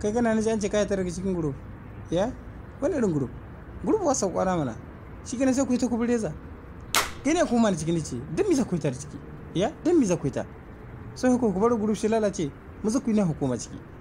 kai gana na an ce ka tare daga cikin group ya wani irin group group wasa kwana mana shi kenan sai ku yi ta kubreza kai ne kuma na cikin ce dan misa ku ta ciki ya dan misa ku ta sai ku bar group shi lalace mu zaku ne hukuma ciki